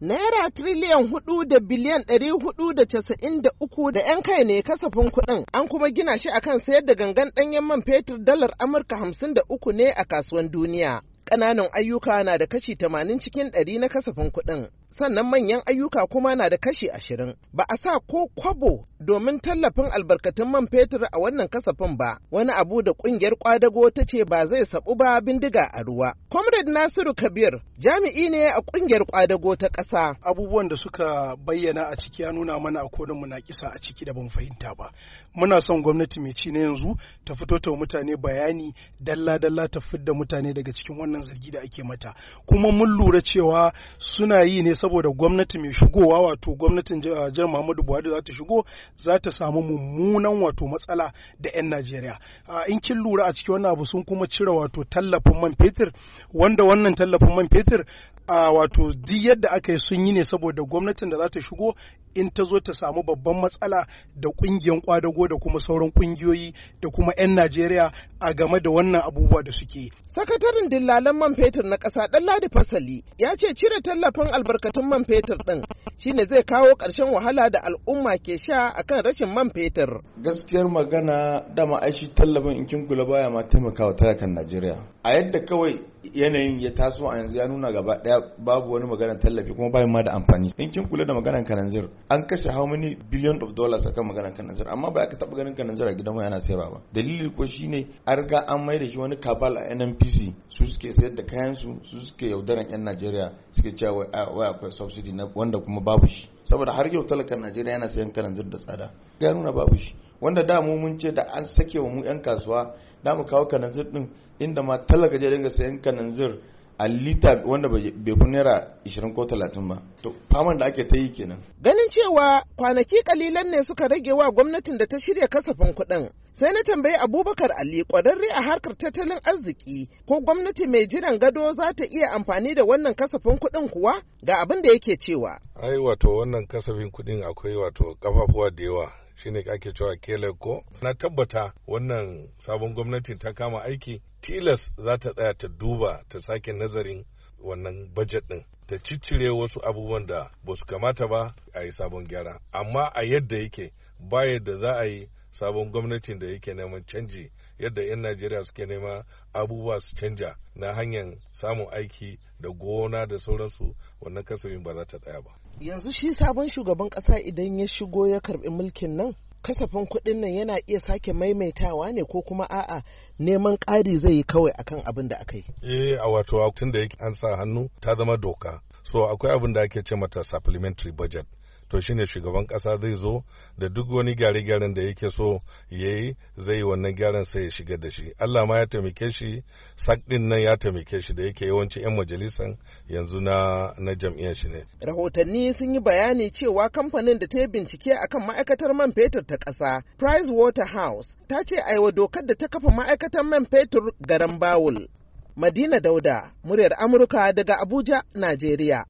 Naira triliyan hudu da biliyan ɗari hudu da casa'in da uku da 'yan kai ne kasafin kuɗin an kuma gina shi akan sayar da gangan ɗanyen man fetur dalar Amurka hamsin da uku ne a kasuwan duniya. Ƙananan ayyuka na da kashi tamanin cikin ɗari na kasafin kuɗin. sannan manyan ayyuka kuma na da kashi ashirin. Ba a sa ko kwabo domin tallafin albarkatun man fetur a wannan kasafin ba, wani abu da ƙungiyar kwadago ta ce ba zai sabu ba bindiga a ruwa. Comrade Nasiru Kabir jami'i ne a ƙungiyar kwadago ta ƙasa. Abubuwan da suka bayyana a ciki ya nuna mana a na kisa a ciki da ban fahimta ba. Muna son gwamnati mai ci na yanzu ta fito ta mutane bayani dalla-dalla ta fidda mutane daga cikin wannan zargi da ake mata. Kuma mun lura cewa suna yi ne saboda gwamnati mai shigowa wato gwamnatin jihar Muhammadu Buhari za ta shigo za ta samu mummunan wato matsala da 'yan Najeriya. In kin lura a cikin wannan abu sun kuma cire wato tallafin man fetur wanda wannan tallafin man fetur wato duk yadda aka yi sun yi ne saboda gwamnatin da za ta shigo in ta zo ta samu babban matsala da ƙungiyar kwadago da kuma sauran ƙungiyoyi da kuma 'yan Najeriya a game da wannan abubuwa da suke. Sakataren dillalan man fetur na ƙasa ɗan Ladi Fasali ya ce cire tallafin albarkatun man fetur ɗin shine zai kawo ƙarshen wahala da al'umma ke sha akan rashin man fetur. Gaskiyar magana da ma'aishi tallafin in kin kula baya ma taimakawa ta yakan Najeriya. A yadda kawai yanayin ya taso a yanzu ya nuna gaba daya babu wani maganar tallafi kuma bayan ma da amfani in kin kula da maganar kananzir an kashe how many billion of dollars akan maganar kananzir amma ba ka taba ganin kananzir a gidan mu yana sayarwa ba dalili ko shine an riga an mai da shi wani kabal a NNPC su suke sayar da kayan su su suke yaudaran yan Najeriya suke cewa wai akwai subsidy na wanda kuma babu shi saboda har yau talakan Najeriya yana sayan kananzir da tsada ya nuna babu shi wanda da mu mun ce da an sake wa mu yan kasuwa da mu kawo kananzir din inda ma talaka je dinga sayan kananzir a lita wanda bai fi naira 20 ko 30 ba To, faman da ake ta yi kenan. Ganin cewa kwanaki kalilan ne suka rage wa gwamnatin da ta shirya kasafin kuɗin. Sai na tambayi Abubakar Ali ƙwararre a harkar tattalin arziki ko gwamnati mai jiran gado za ta iya amfani da wannan kasafin kuɗin kuwa ga abin da yake cewa. Ai wato wannan kasafin kuɗin akwai wato kafafuwa da yawa shine ake cewa kele ko na tabbata wannan sabon gwamnati ta kama aiki tilas za ta tsaya ta duba ta sake nazarin wannan bajet ɗin. ta ciccire wasu abubuwan da ba su kamata ba a yi sabon gyara amma a yadda yake ba yadda za a yi sabon gwamnatin da yake neman canji yadda 'yan najeriya suke nema abubuwa su canja na hanyar samun aiki da gona da sauransu wannan kasafin ba za ta tsaya ba yanzu shi sabon shugaban kasa idan ya shigo ya karbi mulkin nan kasafin kuɗin nan yana iya sake maimaitawa ne ko kuma a'a neman ƙari zai yi kawai akan abin da aka yi eh a wato tun da an sa hannu ta zama doka so akwai abin da ake ce mata supplementary budget to shine shugaban kasa zai zo da duk wani gyare-gyaren da yake so ya yi zai wannan gyaran sai ya shiga da shi Allah ma ya taimake shi sak ɗin nan ya taimake shi da yake yawanci 'yan majalisan yanzu na na jam'iyyar shi ne rahotanni sun yi bayani cewa kamfanin da ta yi bincike akan ma'aikatar man fetur ta ƙasa Price House ta ce aiwa dokar da ta kafa ma'aikatar man fetur garan Bawul Madina Dauda, muryar Amurka daga Abuja, Najeriya.